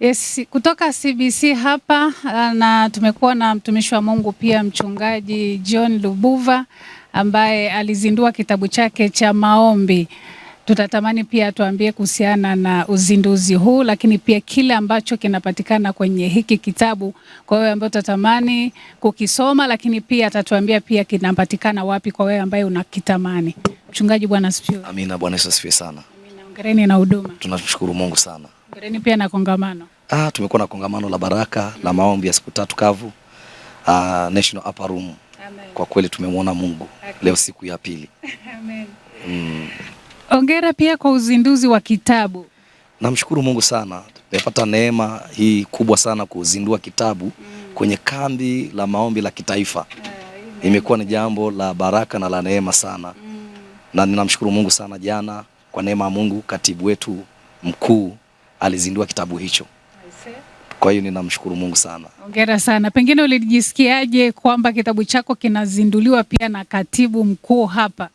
Yes, kutoka CBC hapa uh, na tumekuwa na mtumishi wa Mungu pia mchungaji John Lubuva ambaye alizindua kitabu chake cha maombi. Tutatamani pia tuambie kuhusiana na uzinduzi huu, lakini pia kile ambacho kinapatikana kwenye hiki kitabu kwa wewe ambaye utatamani kukisoma, lakini pia atatuambia pia kinapatikana wapi kwa wewe ambaye unakitamani. Mchungaji, Bwana asifiwe. Amina, Bwana asifiwe sana. Amina, hongereni na huduma. Tunashukuru Mungu sana. Hongereni pia na kongamano. Ah, tumekuwa na kongamano la baraka la maombi ya siku tatu kavu ah, National Upper Room. Amen. Kwa kweli tumemwona Mungu okay. Leo siku ya pili Amen. Mm. Ongera pia kwa uzinduzi wa kitabu. Namshukuru Mungu sana, tumepata neema hii kubwa sana kuzindua kitabu mm. kwenye kambi la maombi la kitaifa yeah, imekuwa ni jambo la baraka na la neema sana mm. na ninamshukuru Mungu sana. Jana kwa neema ya Mungu, katibu wetu mkuu alizindua kitabu hicho. Kwa hiyo ninamshukuru Mungu sana. Hongera sana. Pengine ulijisikiaje kwamba kitabu chako kinazinduliwa pia na katibu mkuu hapa?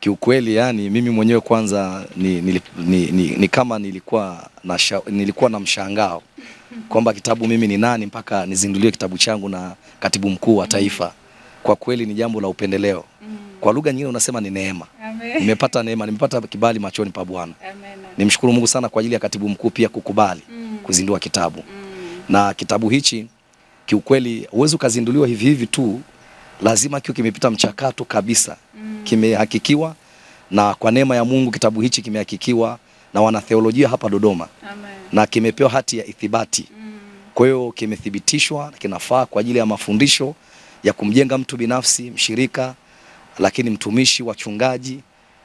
Kiukweli yani, mimi mwenyewe kwanza ni, ni, ni, ni, ni kama nilikuwa na, nilikuwa na mshangao kwamba kitabu mimi ni nani mpaka nizinduliwe kitabu changu na katibu mkuu wa taifa. Kwa kweli ni jambo la upendeleo, kwa lugha nyingine unasema ni neema. Nimepata neema, nimepata kibali machoni pa Bwana. Nimshukuru Mungu sana kwa ajili ya katibu mkuu pia kukubali mm. kuzindua kitabu na kitabu hichi kiukweli huwezi ukazinduliwa hivi hivi tu, lazima kio kimepita mchakato kabisa mm. Kimehakikiwa na kwa neema ya Mungu kitabu hichi kimehakikiwa na wanatheolojia hapa Dodoma Amen. Na kimepewa hati ya ithibati mm. Kwa hiyo kimethibitishwa, kinafaa kwa ajili ya mafundisho ya kumjenga mtu binafsi, mshirika, lakini mtumishi, wachungaji,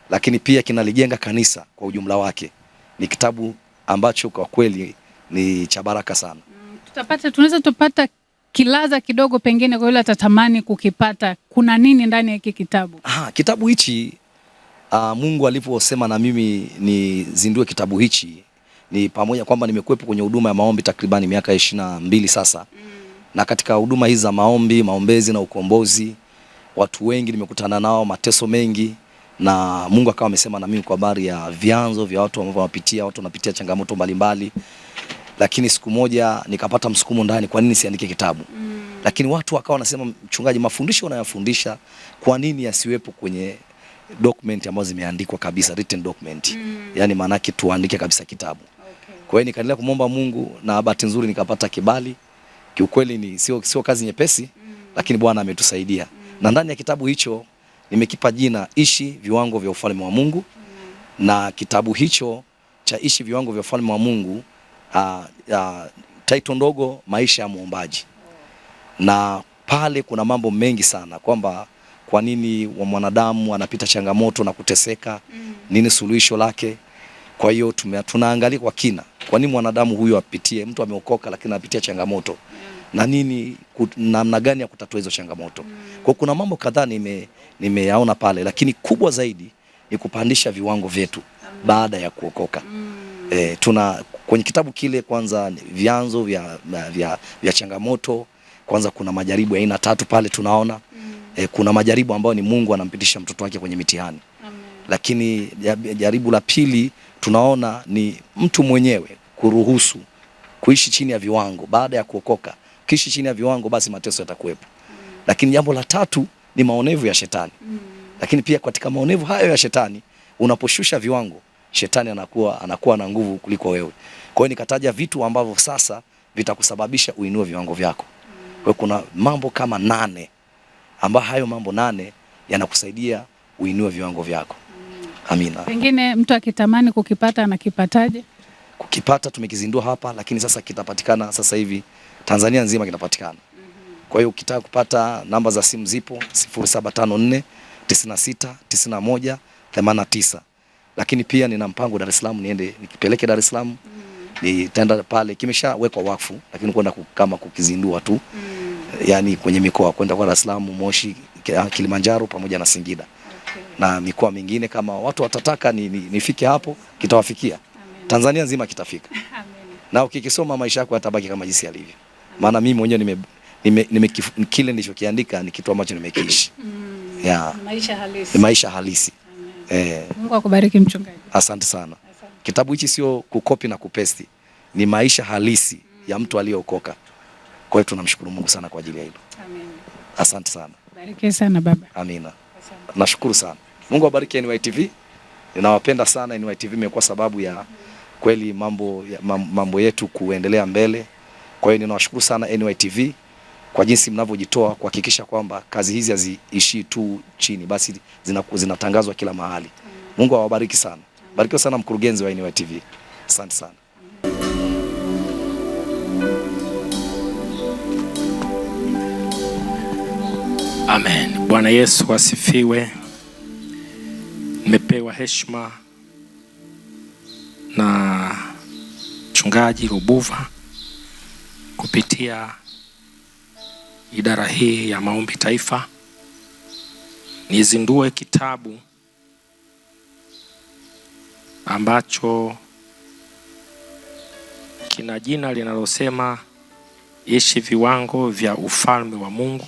lakini pia kinalijenga kanisa kwa ujumla wake. Ni kitabu ambacho kwa kweli ni cha baraka sana. Mm tutapata, tunaweza tupata kilaza kidogo pengine kwa yule atatamani kukipata. Kuna nini ndani ya hiki kitabu? Aha, kitabu hichi uh, Mungu aliposema na mimi nizindue kitabu hichi ni pamoja kwamba nimekuwepo kwenye huduma ya maombi takribani miaka ishirini na mbili sasa mm. na katika huduma hizi za maombi, maombezi na ukombozi, watu wengi nimekutana nao, mateso mengi, na Mungu akawa amesema na mimi kwa habari ya vyanzo vya watu ambao wanapitia, watu wanapitia changamoto mbalimbali mbali lakini siku moja nikapata msukumo ndani, kwa nini siandike kitabu mm. Lakini watu wakawa wanasema, mchungaji, mafundisho unayofundisha kwa nini yasiwepo kwenye document ambazo zimeandikwa kabisa, written document mm. Yani maanake tuandike kabisa kitabu okay. Kwa hiyo nikaendelea kumwomba Mungu na bahati nzuri nikapata kibali. Kiukweli ni sio sio kazi nyepesi mm. Lakini Bwana ametusaidia mm. Na ndani ya kitabu hicho nimekipa jina Ishi Viwango vya Ufalme wa Mungu mm. Na kitabu hicho cha Ishi Viwango vya Ufalme wa Mungu uh, uh, title ndogo maisha ya muombaji, na pale kuna mambo mengi sana kwamba kwa nini wa mwanadamu anapita changamoto na kuteseka mm. nini suluhisho lake? Kwa hiyo tunaangalia kwa kina, kwa nini mwanadamu huyu apitie, mtu ameokoka lakini anapitia changamoto mm na nini namna gani ya kutatua hizo changamoto mm. Kwa kuna mambo kadhaa nime nimeyaona pale, lakini kubwa zaidi ni kupandisha viwango vyetu baada ya kuokoka mm. E, tuna kwenye kitabu kile kwanza vyanzo vya, vya, vya changamoto kwanza kuna majaribu ya aina tatu pale tunaona mm. E, kuna majaribu ambayo ni Mungu anampitisha mtoto wake kwenye mitihani Amen. Lakini jaribu la pili tunaona ni mtu mwenyewe kuruhusu kuishi chini ya viwango baada ya kuokoka. Kishi chini ya viwango, basi mateso yatakuwepo mm. Lakini jambo la tatu ni maonevu ya shetani mm. Lakini pia katika maonevu hayo ya shetani unaposhusha viwango shetani anakuwa anakuwa na nguvu kuliko wewe. Kwa hiyo nikataja vitu ambavyo sasa vitakusababisha uinue viwango vyako. Kwa kuna mambo kama nane ambayo hayo mambo nane yanakusaidia uinue viwango vyako. Amina. Pengine mtu akitamani kukipata anakipataje? Kukipata tumekizindua hapa, lakini sasa kitapatikana sasa hivi Tanzania nzima kinapatikana. Kwa hiyo ukitaka kupata namba za simu zipo 0754 96 91 89 lakini pia nina mpango Dar es Salaam niende nikipeleke Dar es Salaam mm. nitaenda pale, kimeshawekwa wakfu, lakini kwenda kama kukizindua tu mm. yani kwenye mikoa kwenda kwa Dar es Salaam, Moshi, Kilimanjaro pamoja na Singida okay. na mikoa mingine kama watu watataka ni, ni, nifike hapo kitawafikia Amen. Tanzania nzima kitafika na ukikisoma maisha yako yatabaki kama jinsi yalivyo, maana mimi mwenyewe nime, nime, nime kif, kile nilichokiandika ni kitu ambacho nimekiishi mm. yeah. maisha halisi, maisha halisi. Eh. Mungu akubariki mchungaji. Asante sana. Asante. Kitabu hichi sio kukopi na kupesti, ni maisha halisi ya mtu aliyeokoka. Kwa hiyo tunamshukuru Mungu sana kwa ajili ya hilo. Amen. Asante sana. Barikiwe sana baba. Amina. Asante. Nashukuru sana. Mungu NY NYTV. Ninawapenda sana TV imekuwa sababu ya kweli mambo, mambo yetu kuendelea mbele. Kwa hiyo ninawashukuru sana NYTV kwa jinsi mnavyojitoa kuhakikisha kwamba kazi hizi haziishii tu chini, basi zinatangazwa kila mahali. Mungu awabariki sana. Barikiwa sana mkurugenzi wa Inua TV. Asante sana. Amen. Bwana Yesu asifiwe. Nimepewa heshima na mchungaji Rubuva kupitia idara hii ya maombi taifa, nizindue kitabu ambacho kina jina linalosema Ishi Viwango vya Ufalme wa Mungu.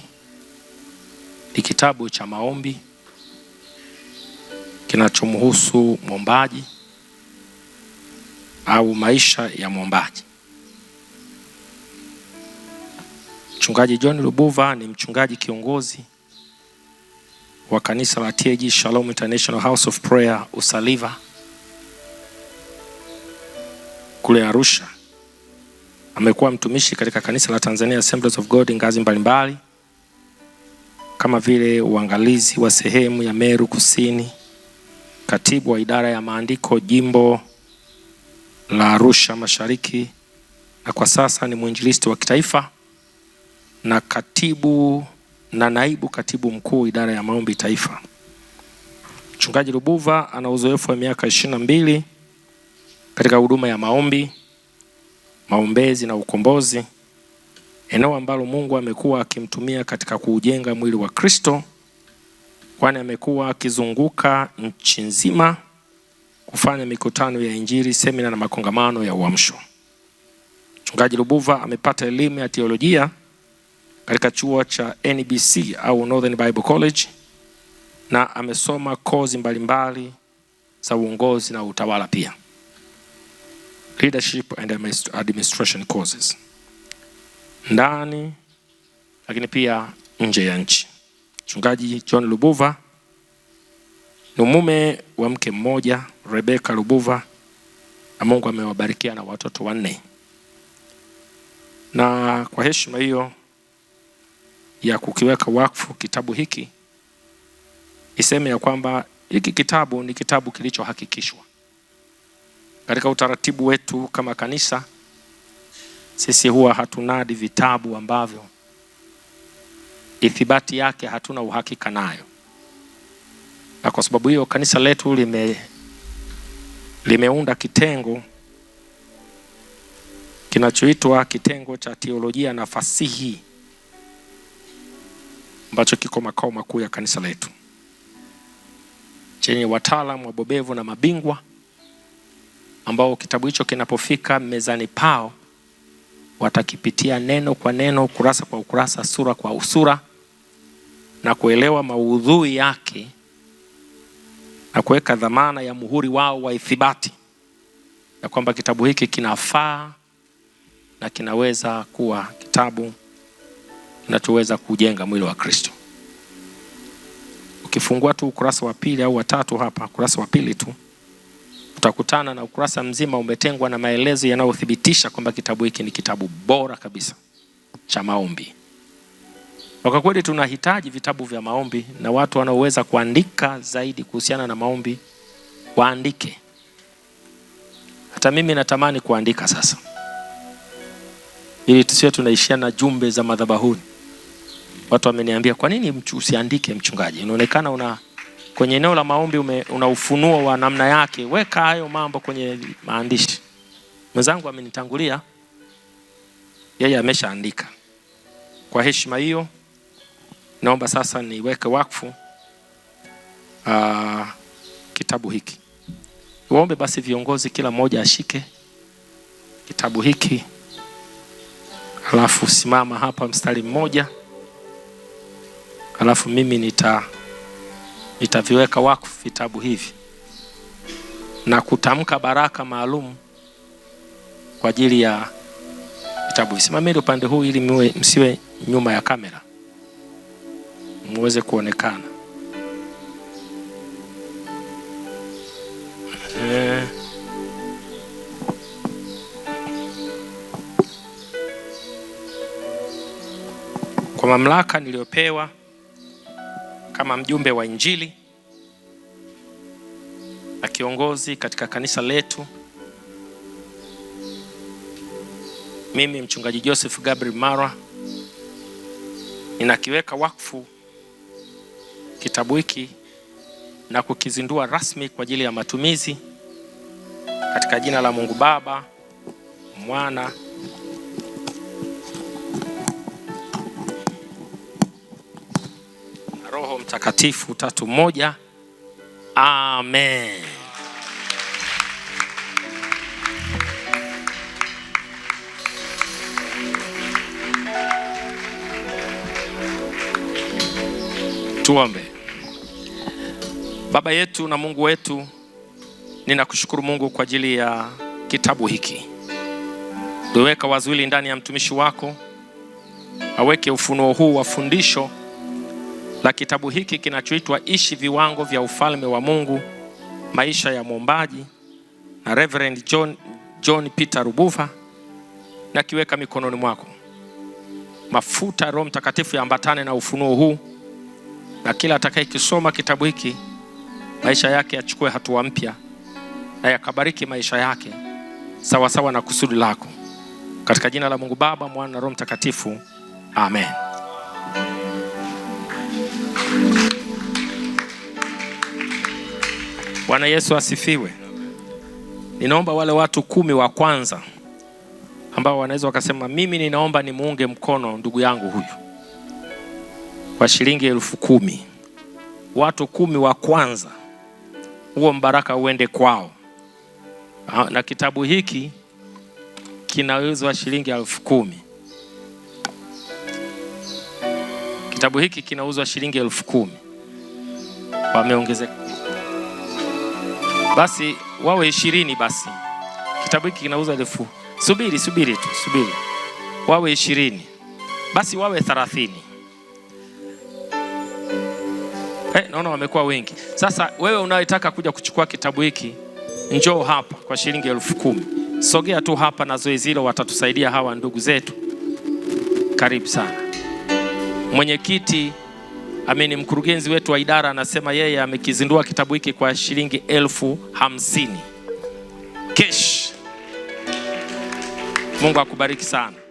Ni kitabu cha maombi kinachomhusu mwombaji au maisha ya mwombaji. Mchungaji John Lubuva ni mchungaji kiongozi wa kanisa la TAG Shalom International House of Prayer Usaliva kule Arusha. Amekuwa mtumishi katika kanisa la Tanzania Assemblies of God ngazi mbalimbali kama vile uangalizi wa sehemu ya Meru Kusini, katibu wa idara ya maandiko jimbo la Arusha Mashariki, na kwa sasa ni mwinjilisti wa kitaifa na katibu na naibu katibu mkuu idara ya maombi taifa. Mchungaji Lubuva ana uzoefu wa miaka ishirini na mbili katika huduma ya maombi, maombezi na ukombozi, eneo ambalo Mungu amekuwa akimtumia katika kuujenga mwili wa Kristo, kwani amekuwa akizunguka nchi nzima kufanya mikutano ya Injili, semina na makongamano ya uamsho. Mchungaji Lubuva amepata elimu ya teolojia katika chuo cha NBC au Northern Bible College na amesoma kozi mbalimbali za uongozi na utawala pia leadership and administration courses ndani lakini pia nje ya nchi. Mchungaji John Lubuva ni mume wa mke mmoja Rebeka Lubuva, na Mungu amewabarikia na watoto wanne, na kwa heshima hiyo ya kukiweka wakfu kitabu hiki iseme ya kwamba hiki kitabu ni kitabu kilichohakikishwa. Katika utaratibu wetu kama kanisa, sisi huwa hatunadi vitabu ambavyo ithibati yake hatuna uhakika nayo, na kwa sababu hiyo kanisa letu lime limeunda kitengo kinachoitwa kitengo cha teolojia na fasihi ambacho kiko makao makuu ya kanisa letu chenye wataalamu wabobevu na mabingwa ambao kitabu hicho kinapofika mezani pao watakipitia neno kwa neno, ukurasa kwa ukurasa, sura kwa usura na kuelewa maudhui yake na kuweka dhamana ya muhuri wao wa ithibati ya kwamba kitabu hiki kinafaa na kinaweza kuwa kitabu na tuweza kujenga mwili wa Kristo. Ukifungua tu ukurasa wa pili au watatu hapa, ukurasa wa pili tu utakutana na ukurasa mzima umetengwa na maelezo yanayothibitisha kwamba kitabu hiki ni kitabu bora kabisa cha maombi. Kwa kweli tunahitaji vitabu vya maombi na watu wanaoweza kuandika zaidi kuhusiana na maombi waandike. Hata mimi natamani kuandika sasa, ili tusiwe tunaishia na jumbe za madhabahuni. Watu wameniambia kwa nini mchu, usiandike mchungaji, unaonekana una kwenye eneo la maombi ume, una ufunuo wa namna yake, weka hayo mambo kwenye maandishi. Mwenzangu amenitangulia, yeye ameshaandika. Kwa heshima hiyo, naomba sasa niweke wakfu aa, ah, kitabu hiki. Waombe basi viongozi, kila mmoja ashike kitabu hiki, alafu simama hapa mstari mmoja alafu mimi nita nitaviweka wakfu vitabu hivi na kutamka baraka maalum kwa ajili ya vitabu. visimamili upande huu ili mwe, msiwe nyuma ya kamera muweze kuonekana. E, kwa mamlaka niliyopewa kama mjumbe wa Injili na kiongozi katika kanisa letu. Mimi mchungaji Joseph Gabriel mara ninakiweka wakfu kitabu hiki na kukizindua rasmi kwa ajili ya matumizi katika jina la Mungu Baba, Mwana Roho Mtakatifu tatu moja Amen. Tuombe. Baba yetu na Mungu wetu, ninakushukuru Mungu kwa ajili ya kitabu hiki. liweka wazuili ndani ya mtumishi wako aweke ufunuo huu wa fundisho la kitabu hiki kinachoitwa Ishi Viwango vya Ufalme wa Mungu, Maisha ya Mwombaji na Reverend John, John Peter Rubuva. Na kiweka mikononi mwako, mafuta Roho Mtakatifu yaambatane na ufunuo huu, na kila atakayekisoma kitabu hiki maisha yake yachukue hatua mpya na yakabariki maisha yake sawasawa sawa na kusudi lako, katika jina la Mungu Baba, Mwana na Roho Mtakatifu, amen. Bwana Yesu asifiwe. Ninaomba wale watu kumi wa kwanza ambao wanaweza wakasema mimi ninaomba nimuunge mkono ndugu yangu huyu kwa shilingi elfu kumi. Watu kumi wa kwanza, huo mbaraka uende kwao, ah, na kitabu hiki kinauzwa shilingi elfu kumi. Kitabu hiki kinauzwa shilingi elfu kumi. Wameongezeka. Basi wawe ishirini. Basi kitabu hiki kinauza elfu. Subiri, subiri tu, subiri. Wawe ishirini, basi wawe thelathini. Eh, naona wamekuwa wengi sasa. Wewe unayetaka kuja kuchukua kitabu hiki njoo hapa kwa shilingi elfu kumi. Sogea tu hapa na zoezi hilo watatusaidia hawa ndugu zetu. Karibu sana mwenyekiti. Amini, mkurugenzi wetu wa idara anasema yeye amekizindua kitabu hiki kwa shilingi elfu hamsini kesh. Mungu akubariki sana.